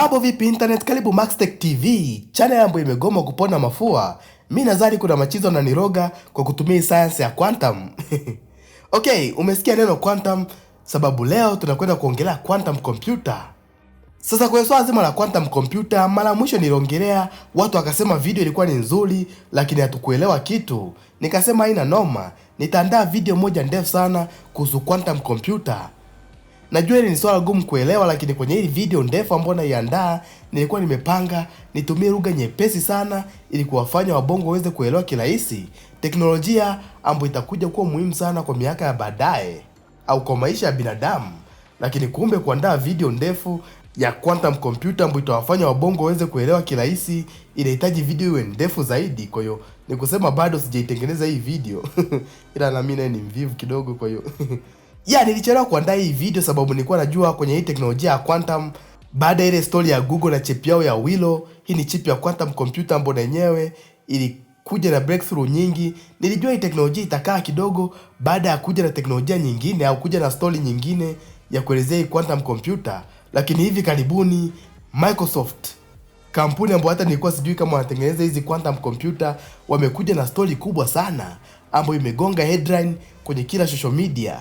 Mambo vipi internet, karibu Maxtech TV. Chana yambo imegoma kupona mafua. Mi nadhani kuna machizo na niroga kwa kutumia science ya quantum. Okay, umesikia neno quantum, sababu leo tunakwenda kuongelea quantum computer. Sasa kwa swala zima la quantum computer, mara mwisho niliongelea, watu wakasema video ilikuwa ni nzuri, lakini hatukuelewa kitu. Nikasema haina noma, nitaandaa video moja ndefu sana kuhusu quantum computer Najua hili ni swala gumu kuelewa, lakini kwenye hili video ndefu ambayo naiandaa nilikuwa nimepanga nitumie lugha nyepesi sana ili kuwafanya wabongo waweze kuelewa kirahisi teknolojia ambayo itakuja kuwa muhimu sana kwa miaka ya baadaye au kwa maisha ya binadamu. Lakini kumbe kuandaa video ndefu ya quantum computer ambayo itawafanya wabongo waweze kuelewa kirahisi inahitaji video iwe ndefu zaidi. Kwa hiyo ni kusema bado sijaitengeneza hii video ila na mimi ni mvivu kidogo, kwa hiyo ya nilichelewa kuandaa hii video sababu nilikuwa najua kwenye hii teknolojia ya quantum, baada ya ile story ya Google na chip yao ya Willow, hii ni chip ya quantum computer ambayo na yenyewe ilikuja na breakthrough nyingi. Nilijua hii teknolojia itakaa kidogo baada ya kuja na teknolojia nyingine au kuja na story nyingine ya kuelezea hii quantum computer, lakini hivi karibuni Microsoft kampuni ambayo hata nilikuwa sijui kama wanatengeneza hizi quantum computer wamekuja na story kubwa sana ambayo imegonga headline kwenye kila social media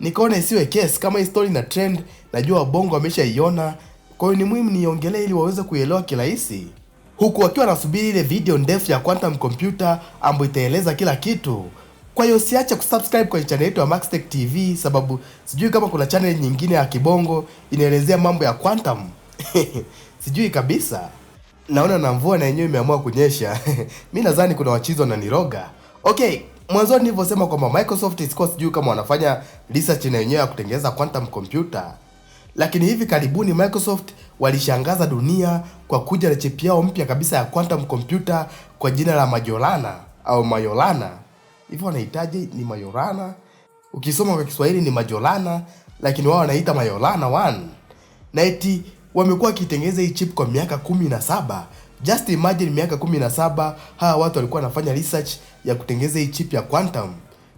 nikaona isiwe case. Kama hii story na trend, najua wabongo wameshaiona, kwa hiyo ni muhimu niongelee ili waweze kuielewa kirahisi, huku wakiwa nasubiri ile video ndefu ya Quantum Computer ambayo itaeleza kila kitu. Kwa hiyo siache kusubscribe kwenye channel yetu ya Maxtech TV, sababu sijui kama kuna channel nyingine ya kibongo inaelezea mambo ya quantum sijui kabisa. Naona na mvua na yenyewe imeamua kunyesha mi nadhani kuna wachizi wananiroga. Okay, mwanzoni nilivyosema kwamba Microsoft isikuwa sijui kama wanafanya research na wenyewe ya kutengeneza quantum computer, lakini hivi karibuni Microsoft walishangaza dunia kwa kuja na chip yao mpya kabisa ya quantum computer kwa jina la Majorana au Majorana. Hivyo wanahitaji ni Majorana, ukisoma kwa Kiswahili ni Majorana, lakini wao wanaita Majorana 1 na eti wamekuwa wakitengeneza hii chip kwa miaka kumi na saba Just imagine miaka 17 hawa watu walikuwa wanafanya research ya kutengeneza hii chip ya quantum.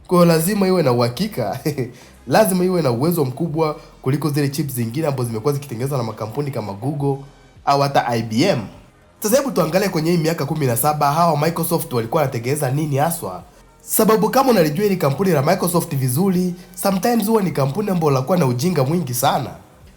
Kwa lazima iwe na uhakika lazima iwe na uwezo mkubwa kuliko zile chips zingine ambazo zimekuwa zikitengenezwa na makampuni kama Google au hata IBM. Sasa hebu tuangalie kwenye hii miaka 17 hawa Microsoft walikuwa wanatengeneza nini haswa? Sababu kama unalijua hili kampuni la Microsoft vizuri, sometimes huwa ni kampuni ambayo lakuwa na ujinga mwingi sana.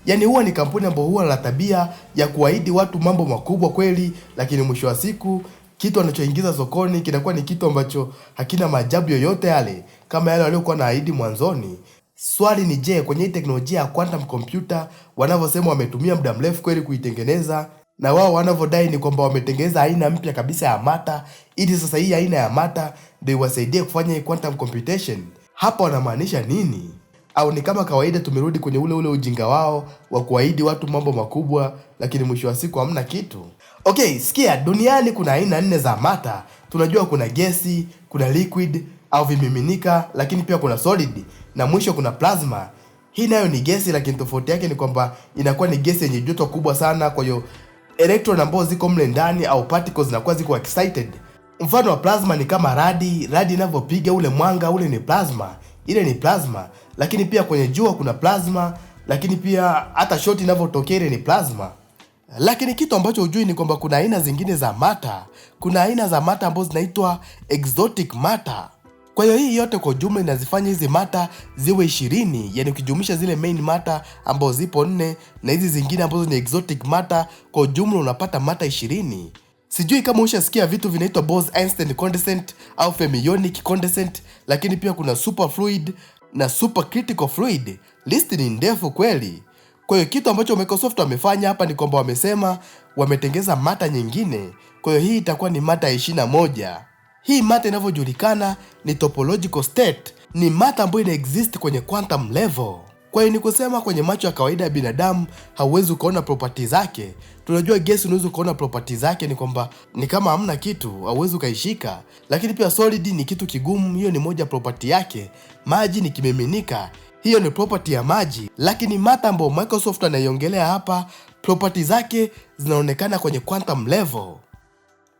Yaani huwa ni kampuni ambayo huwa na tabia ya kuahidi watu mambo makubwa kweli, lakini mwisho wa siku kitu wanachoingiza sokoni kinakuwa ni kitu ambacho hakina maajabu yoyote yale kama yale waliokuwa ahidi mwanzoni. Swali ni je, kwenye hii teknolojia ya quantum computer wanavyosema wametumia muda mrefu kweli kuitengeneza na wao wanavyodai ni kwamba wametengeneza aina mpya kabisa ya mata ili sasa hii aina ya mata ndio iwasaidie kufanya hii quantum computation. Hapa wanamaanisha nini? au ni kama kawaida tumerudi kwenye ule ule ujinga wao wa kuahidi watu mambo makubwa, lakini mwisho wa siku hamna kitu. Okay, sikia, duniani kuna aina nne za mata. Tunajua kuna gesi, kuna liquid au vimiminika, lakini pia kuna solid na mwisho kuna plasma. Hii nayo ni gesi, lakini tofauti yake ni kwamba inakuwa ni gesi yenye joto kubwa sana, kwa hiyo electron ambao ziko mle ndani au particles zinakuwa ziko excited. Mfano wa plasma ni kama radi, radi inavyopiga ule mwanga ule ni plasma, ile ni plasma lakini pia kwenye jua kuna plasma, lakini pia hata shot inavyotokea ile ni plasma. Lakini kitu ambacho hujui ni kwamba kuna aina zingine za mata, kuna aina za mata ambazo zinaitwa exotic mata. Kwa hiyo hii yote kwa jumla inazifanya hizi mata ziwe ishirini, yani ukijumlisha zile main mata ambazo zipo nne na hizi zingine ambazo ni exotic mata, kwa jumla unapata mata ishirini. Sijui kama ushasikia vitu vinaitwa Bose-Einstein condensate au fermionic condensate, lakini pia kuna superfluid na supercritical fluid. list ni ndefu kweli. Kwa hiyo kitu ambacho Microsoft wamefanya hapa ni kwamba wamesema wametengeza mata nyingine, kwa hiyo hii itakuwa ni mata ya moja. Hii mata inavyojulikana ni topological state, ni mata ambayo ina exist kwenye quantum level. Kwa hiyo ni kusema kwenye macho ya kawaida ya binadamu hauwezi ukaona property zake. Tunajua gesi unaweza ukaona property zake ni kwamba ni kama hamna kitu, hauwezi ukaishika. Lakini pia solid ni kitu kigumu, hiyo ni moja property yake. Maji ni kimiminika, hiyo ni property ya maji. Lakini mata ambayo Microsoft anaiongelea hapa, property zake zinaonekana kwenye quantum level.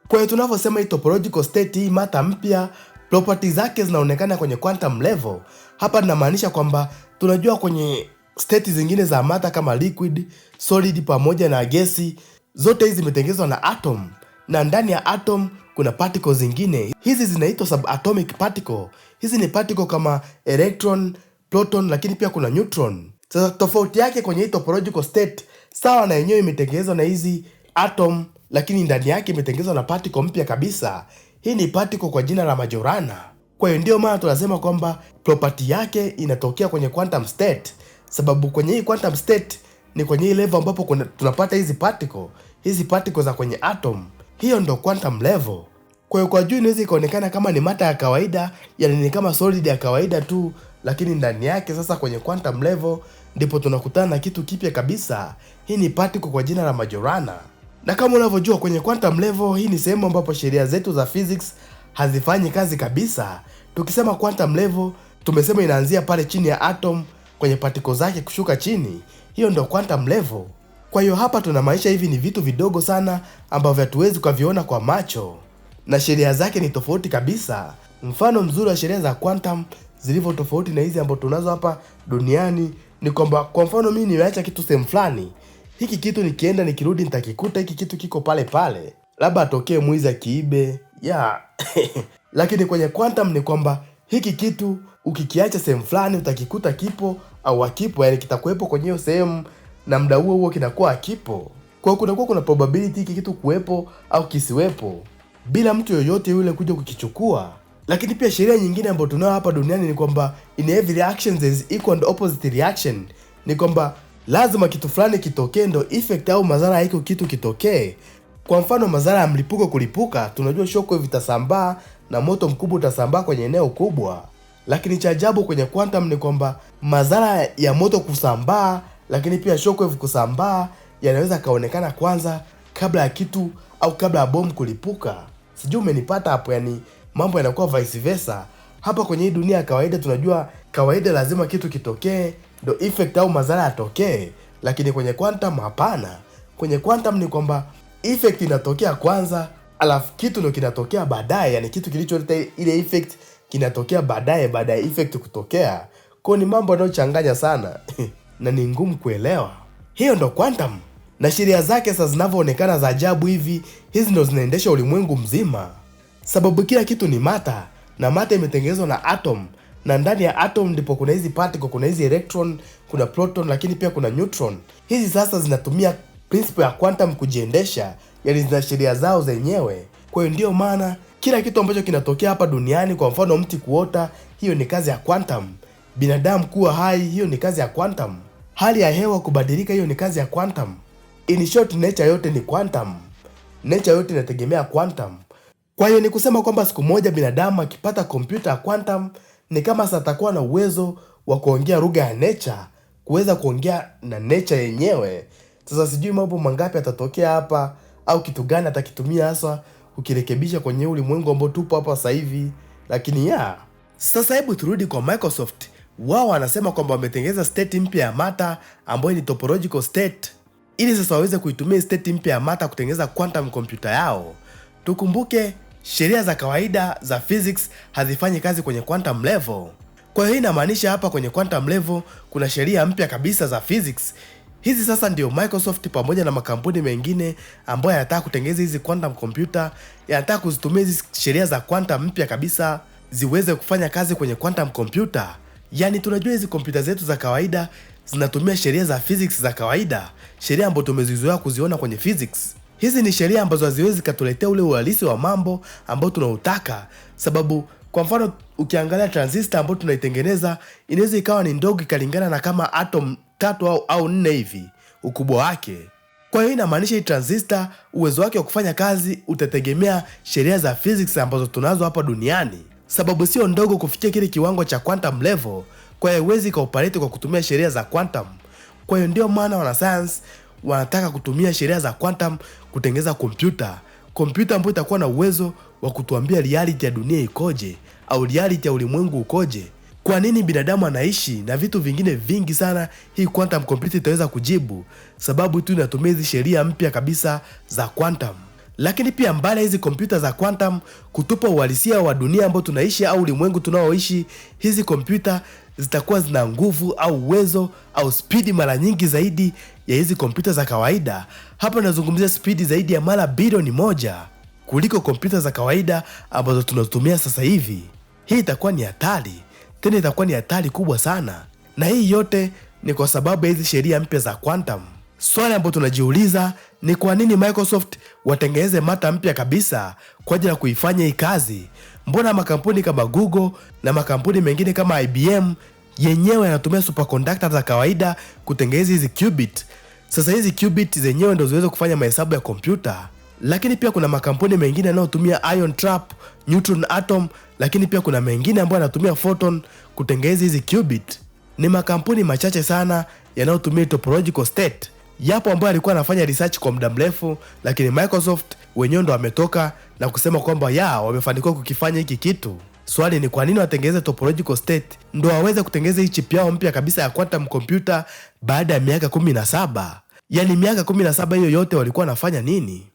Kwa hiyo tunavyosema hii topological state, hii mata mpya, property zake zinaonekana kwenye quantum level. Hapa ninamaanisha kwamba Tunajua kwenye state zingine za mata kama liquid, solid pamoja na gesi, zote hizi zimetengenezwa na atom, na ndani ya atom kuna particle zingine, hizi zinaitwa subatomic particle. Hizi ni particle kama electron, proton, lakini pia kuna neutron. Sasa tofauti yake kwenye hii topological state, sawa na yenyewe imetengenezwa na hizi atom, lakini ndani yake imetengenezwa na particle mpya kabisa. Hii ni particle kwa jina la Majorana. Kwa hiyo ndio maana tunasema kwamba property yake inatokea kwenye quantum state, sababu kwenye hii quantum state ni kwenye hii level ambapo kuna, tunapata hizi particle hizi particle za kwenye atom. Hiyo ndo quantum level. Kwa hiyo kwa juu inaweza ikaonekana kama ni mata ya kawaida, yani ni kama solid ya kawaida tu, lakini ndani yake sasa kwenye quantum level ndipo tunakutana na kitu kipya kabisa. Hii ni particle kwa jina la Majorana, na kama unavyojua kwenye quantum level hii ni sehemu ambapo sheria zetu za physics hazifanyi kazi kabisa. Tukisema quantum level, tumesema inaanzia pale chini ya atom kwenye particle zake kushuka chini, hiyo ndio quantum level. Kwa hiyo hapa tuna maisha hivi ni vitu vidogo sana ambavyo hatuwezi kuviona kwa macho na sheria zake ni tofauti kabisa. Mfano mzuri wa sheria za quantum zilivyo tofauti na hizi ambazo tunazo hapa duniani ni kwamba, kwa mfano mimi nimeacha kitu sehemu fulani, hiki kitu nikienda nikirudi nitakikuta hiki kitu kiko pale pale, labda atokee mwizi akiibe yeah. Lakini kwenye quantum ni kwamba hiki kitu ukikiacha sehemu fulani utakikuta kipo au akipo, yani kitakuwepo kwenye hiyo sehemu na muda huo huo kinakuwa akipo. Kwa hiyo kunakuwa kuna probability hiki kitu kuwepo au kisiwepo bila mtu yoyote yule kuja kukichukua. Lakini pia sheria nyingine ambayo tunayo hapa duniani ni kwamba in every reaction there is equal and opposite reaction, ni kwamba lazima kitu fulani kitokee ndo effect au madhara ya hiko kitu kitokee. Kwa mfano madhara ya mlipuko kulipuka, tunajua shockwave itasambaa na moto mkubwa utasambaa kwenye eneo kubwa, lakini cha ajabu kwenye quantum ni kwamba madhara ya moto kusambaa, lakini pia shockwave kusambaa yanaweza kaonekana kwanza kabla ya kitu au kabla ya bomu kulipuka. Sijui umenipata hapo? Yani mambo yanakuwa vice versa. Hapa kwenye hii dunia ya kawaida tunajua kawaida lazima kitu kitokee ndo effect au madhara yatokee, lakini kwenye quantum hapana. Kwenye quantum ni kwamba effect inatokea kwanza, alafu kitu ndio kinatokea baadaye, yani kitu kilicholeta ile effect kinatokea baadaye baada ya effect kutokea. Kwa ni mambo yanayochanganya sana na ni ngumu kuelewa. Hiyo ndo quantum na sheria zake sasa zinavyoonekana za ajabu hivi, hizi ndo zinaendesha ulimwengu mzima, sababu kila kitu ni mata na mata imetengenezwa na atom, na ndani ya atom ndipo kuna hizi particle, kuna hizi electron, kuna proton, lakini pia kuna neutron. Hizi sasa zinatumia prinsipo ya quantum kujiendesha, yani zina sheria zao zenyewe. Kwa hiyo ndiyo maana kila kitu ambacho kinatokea hapa duniani, kwa mfano mti kuota, hiyo ni kazi ya quantum. Binadamu kuwa hai, hiyo ni kazi ya quantum. Hali ya hewa kubadilika, hiyo ni kazi ya quantum. In short, nature yote ni quantum. Nature yote inategemea quantum. Kwa hiyo ni kusema kwamba siku moja binadamu akipata kompyuta ya quantum ni kama satakuwa na uwezo wa kuongea lugha ya nature, kuweza kuongea na nature yenyewe. Sasa sijui mambo mangapi atatokea hapa au kitu gani atakitumia hasa kukirekebisha kwenye ulimwengu ambao tupo hapa sasa hivi, lakini ya sasa, hebu turudi kwa Microsoft. Wao wanasema kwamba wametengeneza state mpya ya mata ambayo ni topological state, ili sasa waweze kuitumia state mpya ya mata kutengeneza quantum computer yao. Tukumbuke sheria za kawaida za physics hazifanyi kazi kwenye quantum level. Kwa hiyo inamaanisha hapa kwenye quantum level kuna sheria mpya kabisa za physics Hizi sasa ndio Microsoft pamoja na makampuni mengine ambayo yanataka kutengeneza hizi quantum computer, yanataka kuzitumia hizi sheria za quantum mpya kabisa ziweze kufanya kazi kwenye quantum computer. Yaani tunajua hizi kompyuta zetu za kawaida zinatumia sheria za physics za kawaida, sheria ambazo tumezizoea kuziona kwenye physics. Hizi ni sheria ambazo haziwezi katuletea ule uhalisi wa mambo ambao tunautaka, sababu kwa mfano ukiangalia transistor ambayo tunaitengeneza inaweza ikawa ni ndogo ikalingana na kama atom tatu au, au nne hivi ukubwa wake. Kwa hiyo inamaanisha hii transista uwezo wake wa kufanya kazi utategemea sheria za physics ambazo tunazo hapa duniani, sababu sio ndogo kufikia kile kiwango cha quantum level. Kwa hiyo haiwezi kaoperate kwa kutumia sheria za quantum. Kwa hiyo ndio maana wanasayansi wanataka kutumia sheria za quantum kutengeneza kompyuta, kompyuta ambayo itakuwa na uwezo wa kutuambia reality ya dunia ikoje au reality ya ulimwengu ukoje. Kwa nini binadamu anaishi na vitu vingine vingi sana? Hii quantum computer itaweza kujibu, sababu tu inatumia hizi sheria mpya kabisa za quantum. Lakini pia mbali ya hizi kompyuta za quantum kutupa uhalisia wa dunia ambao tunaishi au ulimwengu tunaoishi, hizi kompyuta zitakuwa zina nguvu au uwezo au spidi mara nyingi zaidi ya hizi kompyuta za kawaida. Hapa nazungumzia spidi zaidi ya mara bilioni moja kuliko kompyuta za kawaida ambazo tunatumia sasa hivi. Hii itakuwa ni hatari tena itakuwa ni hatari kubwa sana, na hii yote ni kwa sababu ya hizi sheria mpya za quantum. Swali ambalo tunajiuliza ni kwa nini Microsoft watengeneze mata mpya kabisa kwa ajili ya kuifanya hii kazi? Mbona makampuni kama Google na makampuni mengine kama IBM yenyewe yanatumia superconductor za kawaida kutengeneza hizi qubit. Sasa hizi qubit zenyewe ndo ziweze kufanya mahesabu ya kompyuta lakini pia kuna makampuni mengine yanayotumia ion trap, neutron atom, lakini pia kuna mengine ambayo yanatumia photon kutengeneza hizi qubit. Ni makampuni machache sana yanayotumia topological state. Yapo ambayo alikuwa anafanya research kwa muda mrefu, lakini Microsoft wenyewe ndo wametoka na kusema kwamba ya wamefanikiwa kukifanya hiki kitu. Swali ni kwa nini watengeneze topological state ndo waweze kutengeneza hii chip yao mpya kabisa ya quantum computer baada ya miaka 17? yani miaka 17 hiyo yote walikuwa wanafanya nini?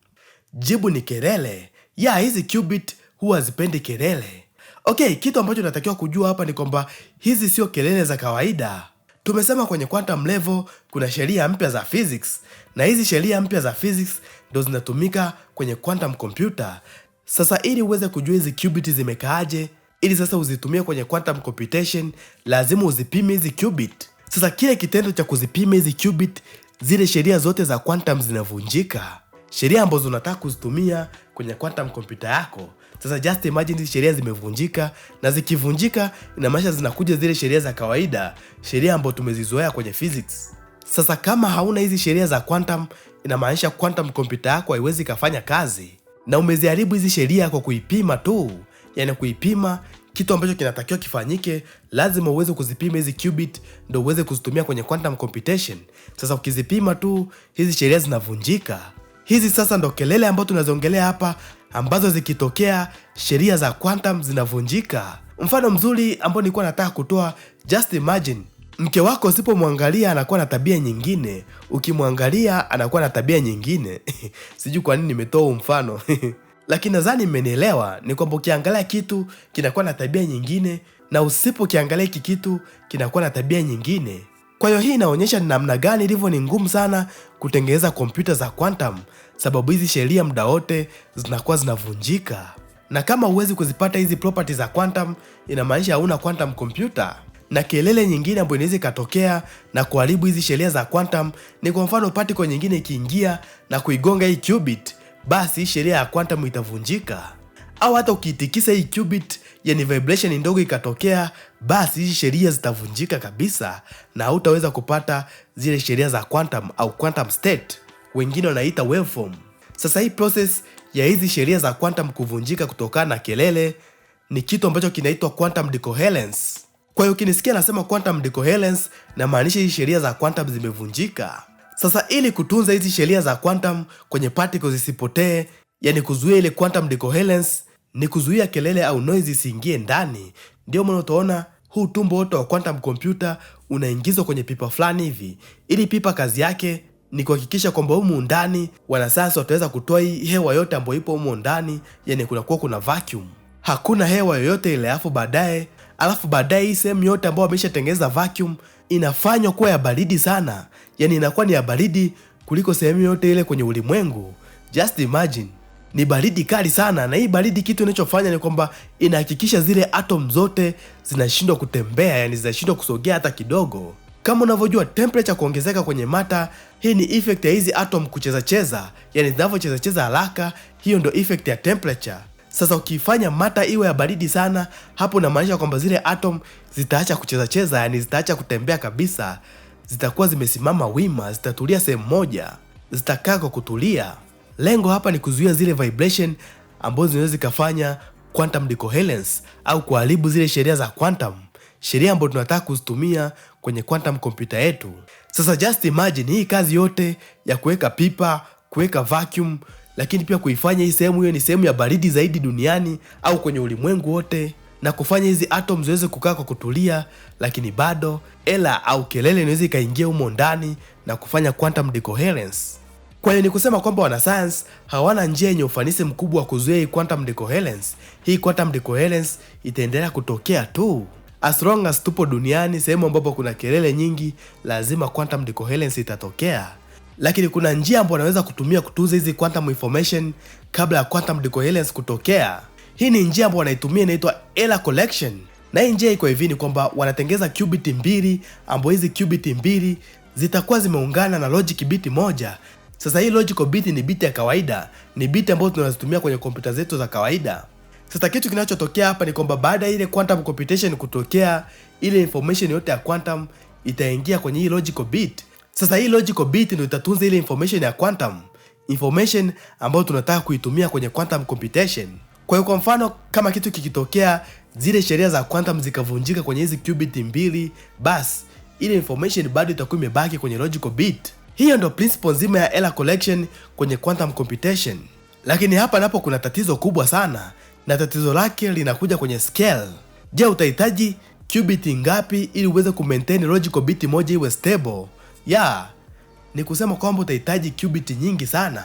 Jibu ni kelele. Yeah, hizi qubit huwa hazipendi kelele. Okay, kitu ambacho natakiwa kujua hapa ni kwamba hizi sio kelele za kawaida. Tumesema kwenye quantum level kuna sheria mpya za physics na hizi sheria mpya za physics ndo zinatumika kwenye quantum computer. Sasa ili uweze kujua hizi qubit zimekaaje, ili sasa uzitumie kwenye quantum computation, lazima uzipime hizi qubit. Sasa kile kitendo cha kuzipima hizi qubit, zile sheria zote za quantum zinavunjika sheria ambazo unataka kuzitumia kwenye quantum computer yako. Sasa just imagine hizi sheria zimevunjika, na zikivunjika inamaanisha zinakuja zile sheria za kawaida, sheria ambazo tumezizoea kwenye physics. Sasa kama hauna hizi sheria za quantum, inamaanisha quantum computer yako haiwezi kafanya kazi, na umeziharibu hizi sheria kwa kuipima tu, yani kuipima kitu ambacho kinatakiwa kifanyike, lazima uweze kuzipima hizi qubit ndio uweze kuzitumia kwenye quantum computation. Sasa ukizipima tu hizi sheria zinavunjika. Hizi sasa ndo kelele ambazo tunaziongelea hapa, ambazo zikitokea sheria za quantum zinavunjika. Mfano mzuri ambao nilikuwa nataka kutoa, just imagine mke wako usipomwangalia anakuwa na tabia nyingine, ukimwangalia anakuwa na tabia nyingine. Sijui kwa nini nimetoa mfano lakini nadhani mmenielewa. Ni kwamba ukiangalia kitu kinakuwa na tabia nyingine, na usipokiangalia hiki kitu kinakuwa na tabia nyingine. Kwa hiyo hii inaonyesha ni namna gani ilivyo ni ngumu sana kutengeneza kompyuta za quantum, sababu hizi sheria muda wote zinakuwa zinavunjika, na kama huwezi kuzipata hizi propati za quantum, inamaanisha hauna quantum computer. Na kelele nyingine ambayo inaweza ikatokea na kuharibu hizi sheria za quantum ni kwa mfano particle nyingine ikiingia na kuigonga hii qubit, basi hii sheria ya quantum itavunjika, au hata ukiitikisa hii qubit, yani vibration ndogo ikatokea basi hizi sheria zitavunjika kabisa na hautaweza kupata zile sheria za quantum au quantum state, wengine wanaita waveform. Sasa hii process ya hizi sheria za quantum kuvunjika kutokana na kelele ni kitu ambacho kinaitwa quantum decoherence. Kwa hiyo ukinisikia nasema quantum decoherence, namaanisha hizi sheria za quantum zimevunjika. Sasa ili kutunza hizi sheria za quantum kwenye particles zisipotee, yani kuzuia ile quantum decoherence, ni kuzuia kelele au noise isiingie ndani. Ndio maana utaona huu utumbo wote wa quantum computer unaingizwa kwenye pipa fulani hivi, ili pipa kazi yake ni kuhakikisha kwamba humu ndani wanasayansi wataweza kutoa hii hewa yote ambayo ipo humu ndani, yani kunakuwa kuna vacuum, hakuna hewa yoyote ile. Alafu baadaye alafu baadaye hii sehemu yote ambayo wameshatengeneza vacuum inafanywa kuwa ya baridi sana, yani inakuwa ni ya baridi kuliko sehemu yote ile kwenye ulimwengu. Just imagine ni baridi kali sana, na hii baridi kitu inachofanya ni kwamba inahakikisha zile atom zote zinashindwa kutembea, yani zinashindwa kusogea hata kidogo. Kama unavyojua temperature kuongezeka kwenye mata, hii ni effect ya hizi atom cheza, yani cheza haraka, hiyo ndio effect ya temperature. Sasa ukifanya mata iwe ya baridi sana, hapo unamaanisha kwamba zile atom zitaacha kuchezacheza, yani zitaacha kutembea kabisa, zitakuwa zimesimama wima, zitatulia sehemu moja, zitakaa kwa kutulia. Lengo hapa ni kuzuia zile vibration ambazo zinaweza zikafanya quantum decoherence au kuharibu zile sheria za quantum, sheria ambayo tunataka kuzitumia kwenye quantum kompyuta yetu. Sasa just imagine hii kazi yote ya kuweka pipa, kuweka vacuum, lakini pia kuifanya hii sehemu hiyo ni sehemu ya baridi zaidi duniani au kwenye ulimwengu wote na kufanya hizi atom ziweze kukaa kwa kutulia, lakini bado ela au kelele inaweza ikaingia humo ndani na kufanya quantum decoherence. Kwa hiyo ni kusema kwamba wanasayansi hawana njia yenye ufanisi mkubwa wa kuzuia hii quantum decoherence. Hii quantum decoherence itaendelea kutokea tu as long as tupo duniani. Sehemu ambapo kuna kelele nyingi, lazima quantum decoherence itatokea, lakini kuna njia ambayo wanaweza kutumia kutunza hizi quantum information kabla ya quantum decoherence kutokea. Hii ni njia ambayo wanaitumia inaitwa error collection, na hii njia iko hivi, ni kwamba wanatengeza qubit mbili, ambapo hizi qubit mbili zitakuwa zimeungana na logic bit moja sasa hii logical bit ni bit ya kawaida, ni bit ambayo tunazitumia kwenye kompyuta zetu za kawaida. Sasa kitu kinachotokea hapa ni kwamba baada ya ile quantum computation kutokea, ile information yote ya quantum itaingia kwenye hii logical bit. Sasa hii logical bit ndio itatunza ile information ya quantum, information ambayo tunataka kuitumia kwenye quantum computation. Kwa hiyo kwa mfano kama kitu kikitokea, zile sheria za quantum zikavunjika kwenye hizi qubit mbili, basi ile information bado itakuwa imebaki kwenye logical bit. Hiyo ndo principle nzima ya error collection kwenye quantum computation. Lakini hapa napo kuna tatizo kubwa sana, na tatizo lake linakuja kwenye scale. Je, utahitaji qubit ngapi ili uweze kumaintain logical bit moja iwe stable? Ya ni kusema kwamba utahitaji qubit nyingi sana.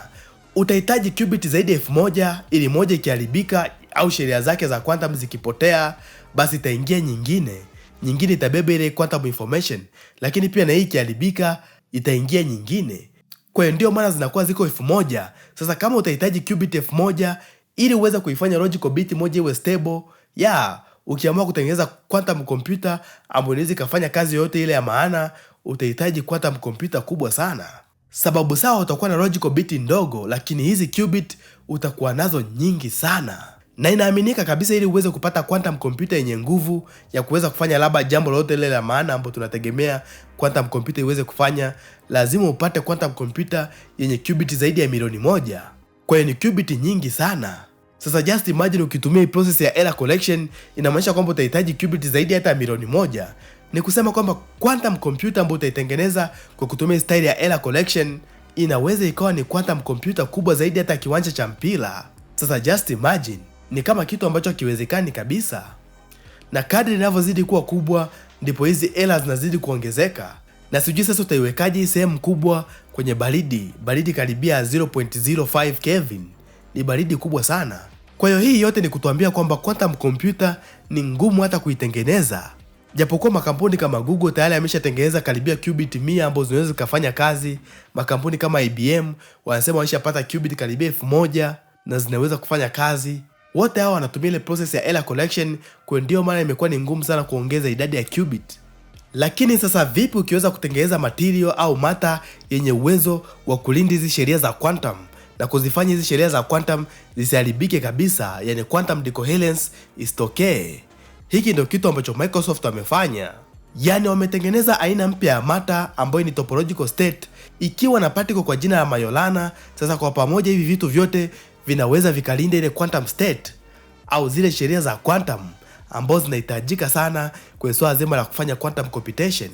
Utahitaji qubit zaidi ya elfu moja ili moja ikiharibika au sheria zake za quantum zikipotea, basi itaingia nyingine, nyingine itabeba ile quantum information, lakini pia na hii ikiharibika itaingia nyingine. Kwa hiyo ndio maana zinakuwa ziko elfu moja. Sasa kama utahitaji qubit elfu moja ili uweze kuifanya logical bit moja iwe stable ya ukiamua kutengeneza quantum computer ambayo inaweza ikafanya kazi yoyote ile ya maana, utahitaji quantum computer kubwa sana. Sababu sawa, utakuwa na logical bit ndogo, lakini hizi qubit utakuwa nazo nyingi sana na inaaminika kabisa, ili uweze kupata quantum computer yenye nguvu ya kuweza kufanya labda jambo lolote lile la maana ambapo tunategemea quantum computer iweze kufanya, lazima upate quantum computer yenye qubit zaidi ya milioni moja. Kwa hiyo ni qubit nyingi sana. Sasa just imagine ukitumia hii process ya error collection, inamaanisha kwamba utahitaji qubit zaidi hata milioni moja. Ni kusema kwamba quantum computer ambayo utaitengeneza kwa kutumia style ya error collection inaweza ikawa ni quantum computer kubwa zaidi hata kiwanja cha mpira. Sasa just imagine ni kama kitu ambacho hakiwezekani kabisa, na kadri inavyozidi kuwa kubwa ndipo hizi hela zinazidi kuongezeka, na sijui sasa utaiwekaje hii sehemu kubwa kwenye baridi, baridi karibia 0.05 Kelvin, ni baridi kubwa sana. Kwa hiyo hii yote ni kutuambia kwamba quantum computer ni ngumu hata kuitengeneza, japokuwa makampuni kama Google tayari ameshatengeneza karibia qubit 100 ambazo zinaweza zikafanya kazi. Makampuni kama IBM wanasema wameshapata qubit karibia 1000 na zinaweza kufanya kazi wote hawa wanatumia ile process ya error collection, kwa ndio maana imekuwa ni ngumu sana kuongeza idadi ya qubit. Lakini sasa vipi ukiweza kutengeneza material au mata yenye uwezo wa kulinda hizi sheria za quantum na kuzifanya hizi sheria za quantum zisiharibike kabisa, yani quantum decoherence isitokee? Hiki ndio kitu ambacho Microsoft wamefanya. Yaani wametengeneza aina mpya ya mata ambayo ni topological state ikiwa na particle kwa jina la Majorana. Sasa kwa pamoja hivi vitu vyote vinaweza vikalinda ile quantum state au zile sheria za quantum ambazo zinahitajika sana kwenye swala zima la kufanya quantum computation.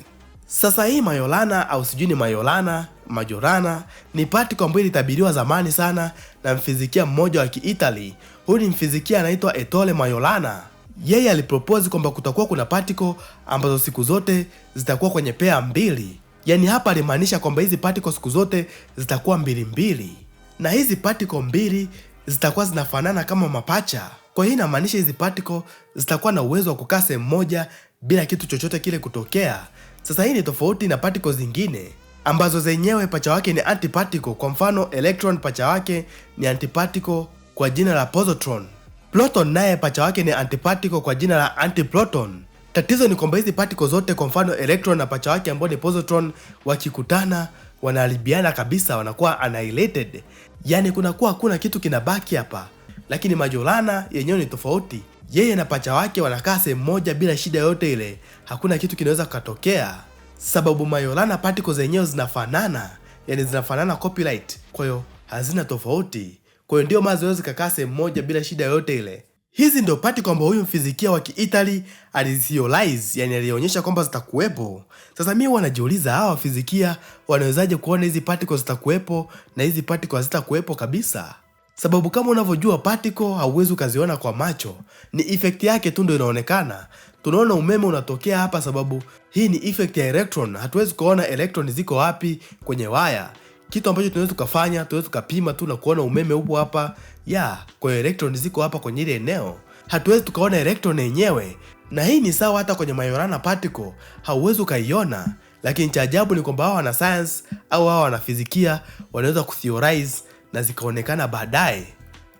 Sasa hii Majorana au sijui ni Majorana, Majorana ni particle ambayo ilitabiriwa zamani sana na mfizikia mmoja wa Kiitali. Huyu ni mfizikia anaitwa Ettore Majorana. Yeye alipropose kwamba kutakuwa kuna particle ambazo siku zote zitakuwa kwenye pea mbili, yaani hapa alimaanisha kwamba hizi particle siku zote zitakuwa mbili mbili na hizi particle mbili zitakuwa zinafanana kama mapacha. Kwa hiyo inamaanisha hizi particle zitakuwa na uwezo wa kukaa sehemu moja bila kitu chochote kile kutokea. Sasa hii ni tofauti na particle zingine ambazo zenyewe pacha wake ni antiparticle. Kwa mfano electron pacha wake ni antiparticle kwa jina la positron. Proton naye pacha wake ni antiparticle kwa jina la antiproton. Tatizo ni kwamba hizi particle zote, kwa mfano electron na pacha wake ambao ni positron, wakikutana wanaharibiana kabisa, wanakuwa annihilated yaani kunakuwa hakuna kitu kinabaki hapa. Lakini Majorana yenyewe ni tofauti, yeye na pacha wake wanakaa sehemu moja bila shida yoyote ile, hakuna kitu kinaweza kukatokea, sababu Majolana particles zenyewe zinafanana, yani zinafanana copyright, kwa hiyo hazina tofauti. Kwa hiyo ndio maana zinaweza zikakaa sehemu moja bila shida yoyote ile. Hizi ndio pati kwamba huyu mfizikia wa Kiitali aliziolaizi, yani alionyesha kwamba zitakuwepo. Sasa mimi wanajiuliza hawa wafizikia wanawezaje kuona hizi patiko zitakuwepo na hizi patiko hazitakuwepo kabisa, sababu kama unavyojua particle hauwezi ukaziona kwa macho, ni effect yake tu ndio inaonekana. Tunaona umeme unatokea hapa, sababu hii ni effect ya electron. Hatuwezi kuona electron ziko wapi kwenye waya. Kitu ambacho tunaweza tukafanya, tunaweza tukapima tu na kuona umeme upo hapa ya kwa hiyo electron ziko hapa kwenye ile eneo, hatuwezi tukaona electron yenyewe, na hii ni sawa hata kwenye Majorana particle hauwezi ukaiona, lakini cha ajabu ni kwamba hao wana science au hao wana fizikia wanaweza kutheorize na zikaonekana baadaye,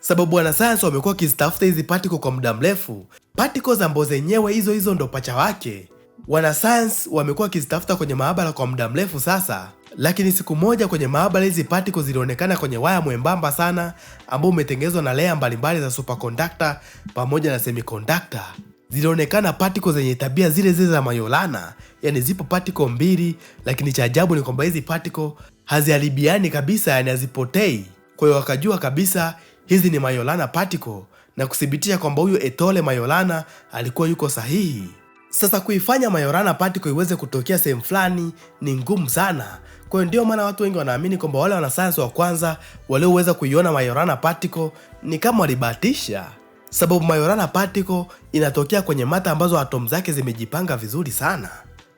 sababu science wamekuwa wakizitafuta hizi particle kwa muda mrefu, particles ambazo zenyewe hizo hizo ndo pacha wake. Wanasayansi wamekuwa wakizitafuta kwenye maabara kwa muda mrefu sasa, lakini siku moja kwenye maabara hizi particles zilionekana kwenye waya mwembamba sana ambao umetengenezwa na layer mbalimbali za superconductor pamoja na semiconductor. Zilionekana particles zenye tabia zile zile za Majorana, yani zipo particle mbili, lakini cha ajabu ni kwamba hizi particle haziharibiani kabisa, yani hazipotei. Kwa hiyo wakajua kabisa hizi ni Majorana particle na kuthibitisha kwamba huyo Ettore Majorana alikuwa yuko sahihi. Sasa kuifanya Majorana Particle iweze kutokea sehemu fulani ni ngumu sana. Kwa hiyo ndio maana watu wengi wanaamini kwamba wale wanasayansi wa kwanza walioweza kuiona Majorana Particle ni kama walibahatisha, sababu Majorana Particle inatokea kwenye mata ambazo atom zake zimejipanga vizuri sana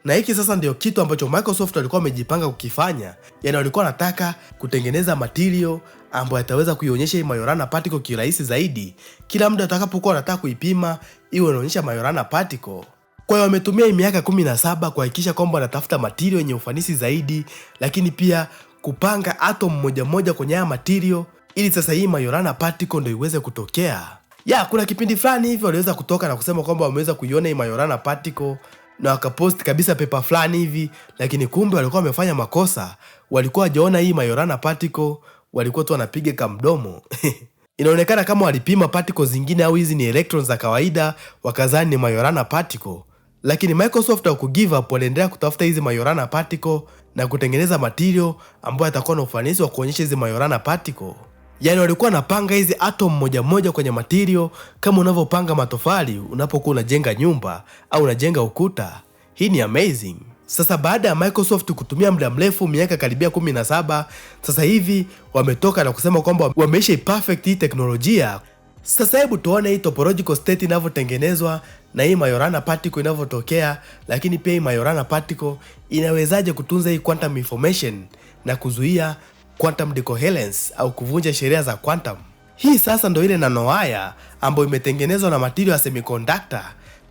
na hiki sasa ndio kitu ambacho Microsoft walikuwa wamejipanga kukifanya, Yani walikuwa wanataka kutengeneza material ambayo yataweza kuionyesha hii Majorana Particle kirahisi zaidi. Kila mtu atakapokuwa anataka kuipima iwe inaonyesha Majorana Particle. Kwa hiyo wametumia miaka kumi na saba kuhakikisha kwamba wanatafuta matirio yenye ufanisi zaidi, lakini pia kupanga atom moja moja kwenye haya matirio ili sasa hii Majorana particle ndo iweze kutokea. Ya, kuna kipindi fulani hivi waliweza kutoka na kusema kwamba wameweza kuiona hii Majorana particle na wakapost kabisa pepa fulani hivi, lakini kumbe walikuwa wamefanya makosa, walikuwa wajaona hii Majorana particle, walikuwa tu wanapiga kamdomo inaonekana kama walipima particle zingine au hizi ni electrons za kawaida, wakazani ni Majorana particle lakini Microsoft hawakugive up, waliendelea kutafuta hizi Majorana particle na kutengeneza material ambayo atakuwa na ufanisi wa kuonyesha hizi Majorana particle. Yaani walikuwa wanapanga hizi atom moja moja kwenye material kama unavyopanga matofali unapokuwa unajenga nyumba au unajenga ukuta. Hii ni amazing. Sasa baada ya Microsoft kutumia muda mrefu, miaka karibia 17, sasa hivi wametoka na kusema kwamba wameisha perfect hii teknolojia sasa hebu tuone hii topological state inavyotengenezwa na hii Majorana particle inavyotokea, lakini pia hii Majorana particle inawezaje kutunza hii quantum information na kuzuia quantum decoherence au kuvunja sheria za quantum. Hii sasa ndo ile nanowaya ambayo imetengenezwa na material ya semiconductor,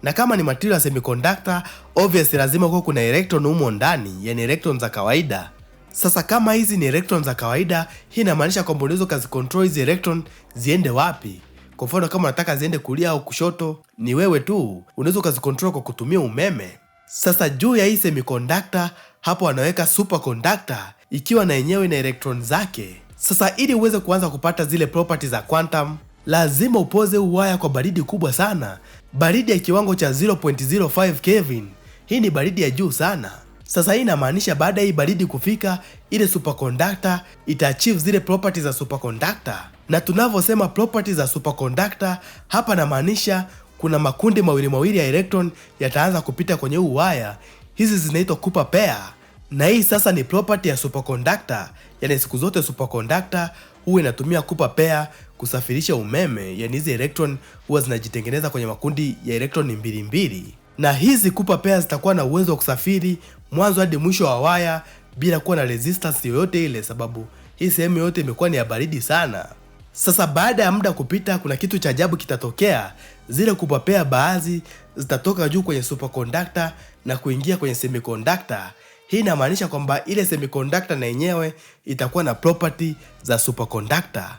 na kama ni material ya semiconductor obviously lazima kuwa kuna electron humo ndani, yani electron za kawaida. Sasa kama hizi ni electron za kawaida, hii inamaanisha kwamba unaweza kazi hizi electron ziende wapi kwa mfano kama unataka ziende kulia au kushoto, ni wewe tu unaweza ukazikontrol kwa kutumia umeme. Sasa juu ya hii semiconductor hapo anaweka superconductor ikiwa na yenyewe na electron zake. Sasa ili uweze kuanza kupata zile property za quantum, lazima upoze uwaya kwa baridi kubwa sana, baridi ya kiwango cha 0.05 Kelvin. Hii ni baridi ya juu sana. Sasa hii inamaanisha baada ya hii baridi kufika, ile superconductor itaachieve zile properties za superconductor, na tunavyosema properties za superconductor hapa namaanisha kuna makundi mawili mawili ya electron yataanza kupita kwenye huu waya. Hizi zinaitwa Cooper pair, na hii sasa ni property ya superconductor. Yani siku zote superconductor huwa inatumia Cooper pair kusafirisha umeme, yani hizi electron huwa zinajitengeneza kwenye makundi ya electron mbili mbili na hizi kupa pairs zitakuwa na uwezo wa kusafiri mwanzo hadi mwisho wa waya bila kuwa na resistance yoyote ile, sababu hii sehemu yote imekuwa ni ya baridi sana. Sasa baada ya muda kupita, kuna kitu cha ajabu kitatokea. Zile kupa pair baadhi zitatoka juu kwenye superconductor na kuingia kwenye semiconductor. Hii inamaanisha kwamba ile semiconductor na yenyewe itakuwa na property za superconductor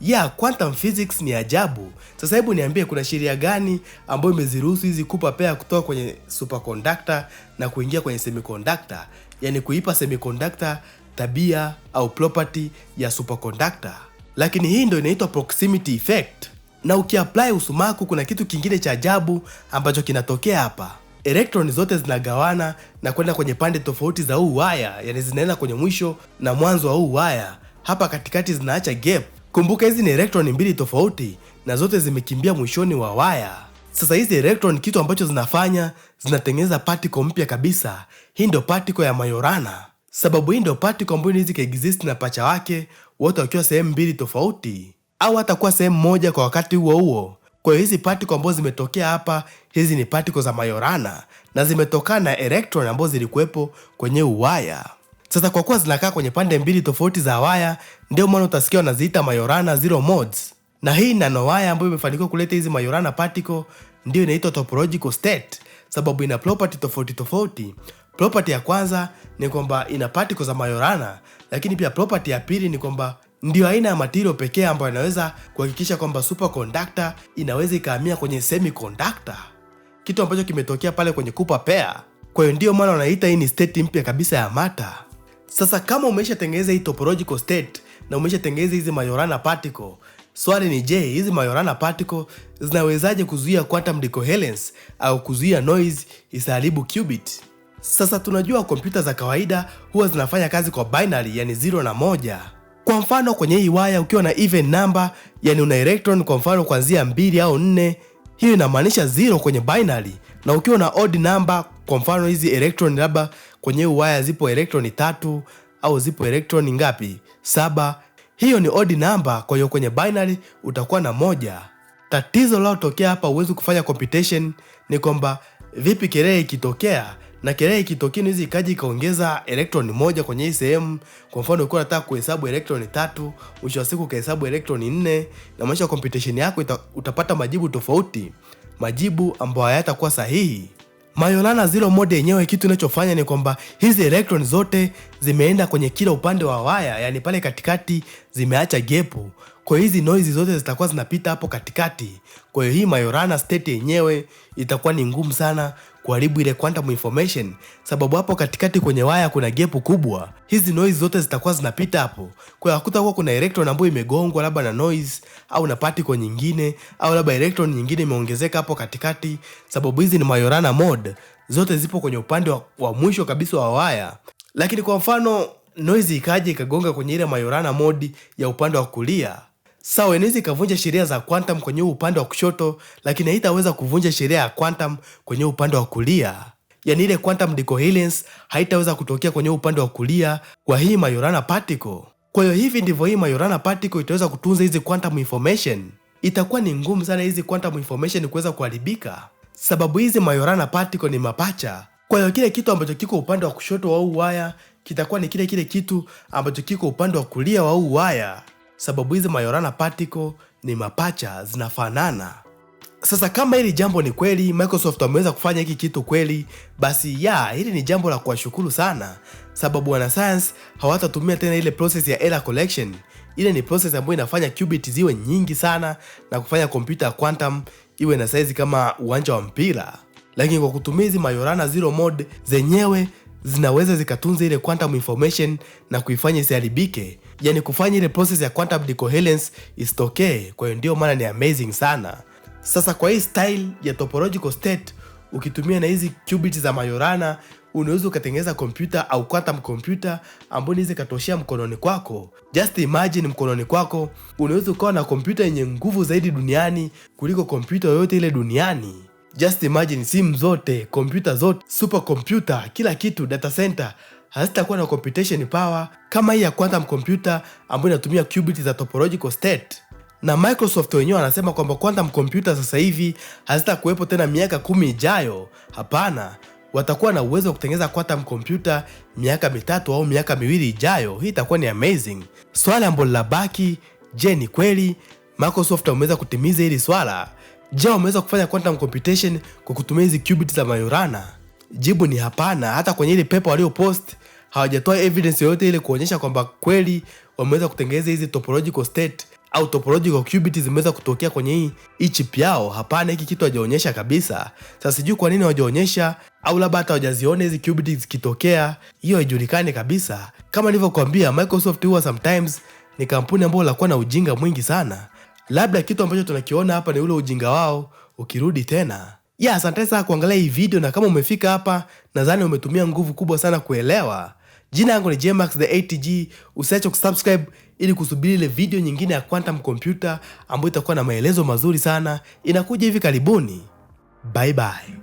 ya quantum physics ni ajabu. Sasa hebu niambie, kuna sheria gani ambayo imeziruhusu hizi kupa pea kutoka kwenye superconductor na kuingia kwenye semiconductor, yaani kuipa semiconductor tabia au property ya superconductor? Lakini hii ndio inaitwa proximity effect. Na ukiapply usumaku, kuna kitu kingine cha ajabu ambacho kinatokea hapa. Electron zote zinagawana na kwenda kwenye pande tofauti za huu waya, yani zinaenda kwenye mwisho na mwanzo wa huu waya. Hapa katikati zinaacha gap Kumbuka hizi ni electron mbili tofauti na zote zimekimbia mwishoni wa waya. Sasa hizi electron kitu ambacho zinafanya zinatengeneza particle mpya kabisa. Hii ndio particle ya Majorana. Sababu hii ndio particle ambayo inaweza ikaexist na pacha wake wote wakiwa sehemu mbili tofauti au hata kuwa sehemu moja kwa wakati huo huo. Kwa hiyo hizi particle ambazo zimetokea hapa, hizi ni particle za Majorana na zimetokana na electron ambazo zilikuwepo kwenye uwaya. Sasa kwa kuwa zinakaa kwenye pande mbili tofauti za waya, ndio maana utasikia wanaziita Majorana zero modes. Na hii nano waya ambayo imefanikiwa kuleta hizi Majorana particle ndio inaitwa topological state, sababu ina property tofauti tofauti. Property ya kwanza ni kwamba ina particle za Majorana, lakini pia property ya pili ni kwamba ndio aina ya material pekee ambayo inaweza kuhakikisha kwamba superconductor inaweza ikahamia kwenye semiconductor, kitu ambacho kimetokea pale kwenye Cooper pair. Kwa hiyo ndiyo maana wanaita hii ni state mpya kabisa ya mata. Sasa kama umeshatengeneza hii topological state na umeshatengeneza hizi Majorana particle, swali ni je, hizi Majorana particle zinawezaje kuzuia quantum decoherence au kuzuia noise isiharibu qubit? Sasa tunajua kompyuta za kawaida huwa zinafanya kazi kwa binary, yani 0 na moja. Kwa mfano kwenye hii waya ukiwa na even number, yani una electron kwa mfano kuanzia mbili au nne, hiyo inamaanisha zero kwenye binary, na ukiwa na odd number, kwa mfano hizi electron labda kwenye uwaya zipo elektroni tatu au zipo elektroni ngapi? Saba. Hiyo ni odd number, kwa hiyo kwenye binary utakuwa na moja. Tatizo linalotokea hapa, huwezi kufanya computation, ni kwamba vipi kelele ikitokea na kelele ikitokea hizi ikaji ikaongeza elektroni moja kwenye hii sehemu. Kwa mfano ukiwa unataka kuhesabu elektroni tatu, mwisho wa siku ukahesabu elektroni nne, na maisha computation yako ita, utapata majibu tofauti, majibu ambayo hayatakuwa sahihi. Majorana Zero Mode yenyewe kitu inachofanya ni kwamba hizi electron zote zimeenda kwenye kila upande wa waya, yani pale katikati zimeacha gepu, kwa hiyo hizi noise zote zitakuwa zinapita hapo katikati. Kwa hiyo hii Majorana state yenyewe itakuwa ni ngumu sana kuharibu ile quantum information, sababu hapo katikati kwenye waya kuna gepu kubwa, hizi noise zote zitakuwa zinapita hapo. Kwa hiyo hakutakuwa kuna electron ambayo imegongwa labda na noise au na particle nyingine au labda electron nyingine imeongezeka hapo katikati, sababu hizi ni Majorana mode, zote zipo kwenye upande wa, wa mwisho kabisa wa waya. Lakini kwa mfano noise ikaje ikagonga kwenye ile Majorana mode ya upande wa kulia sawa, inaweza ikavunja sheria za quantum kwenye upande wa kushoto, lakini haitaweza kuvunja sheria ya quantum kwenye upande wa kulia. Yani ile quantum decoherence haitaweza kutokea kwenye upande wa kulia kwa hii Majorana particle. Kwa hiyo hivi ndivyo hii Majorana particle itaweza kutunza hizi quantum information. Itakuwa ni ngumu sana hizi quantum information kuweza kuharibika, sababu hizi Majorana particle ni mapacha. Kwa hiyo kile kitu ambacho kiko upande wa kushoto wa huu waya kitakuwa ni kile kile kitu ambacho kiko upande wa kulia wa huu waya sababu hizi mayora na particle ni mapacha, zinafanana. Sasa kama hili jambo ni kweli, Microsoft wameweza kufanya hiki kitu kweli, basi ya hili ni jambo la kuwashukuru sana, sababu wanasayansi hawatatumia tena ile process ya error collection. Ile ni process ambayo inafanya qubit ziwe nyingi sana na kufanya kompyuta ya quantum iwe na saizi kama uwanja wa mpira, lakini kwa kutumia hizi Majorana zero mode zenyewe zinaweza zikatunza ile quantum information na kuifanya isiharibike yani kufanya ile process ya quantum decoherence isitokee. Kwa hiyo ndio maana ni amazing sana. Sasa kwa hii style ya topological state ukitumia na hizi qubit za Majorana unaweza ukatengeneza kompyuta au quantum computer ambayo inaweza ikatoshea mkononi kwako. Just imagine mkononi kwako unaweza ukawa na kompyuta yenye nguvu zaidi duniani kuliko kompyuta yoyote ile duniani. Just imagine simu zote, kompyuta zote, supercomputer, kila kitu, data center hazitakuwa na computation power kama hii ya quantum computer ambayo inatumia qubit za topological state. Na Microsoft wenyewe wanasema kwamba quantum computer sasa hivi hazitakuwepo tena miaka kumi ijayo. Hapana, watakuwa na uwezo wa kutengeneza quantum computer miaka mitatu au miaka miwili ijayo. Hii itakuwa ni amazing. Swali ambalo labaki, je, ni kweli Microsoft wameweza kutimiza hili swala? Je, wameweza kufanya quantum computation kwa kutumia hizi qubit za Majorana? jibu ni hapana. Hata kwenye ile paper waliopost hawajatoa evidence yoyote ile kuonyesha kwamba kweli wameweza kutengeneza hizi topological state au topological qubit zimeweza kutokea kwenye hii hii chip yao. Hapana, hiki kitu hawajaonyesha kabisa. Sasa sijui kwa nini hawajaonyesha, au labda hata hawajaziona hizi qubit zikitokea, hiyo haijulikani kabisa. Kama nilivyokuambia, Microsoft huwa sometimes ni kampuni ambayo lakuwa na ujinga mwingi sana. Labda kitu ambacho tunakiona hapa ni ule ujinga wao ukirudi tena ya asante sana kuangalia hii video, na kama umefika hapa, nadhani umetumia nguvu kubwa sana kuelewa. Jina yangu ni Jmax the ATG, usiache kusubscribe ili kusubiri ile video nyingine ya quantum computer ambayo itakuwa na maelezo mazuri sana, inakuja hivi karibuni. Bye bye.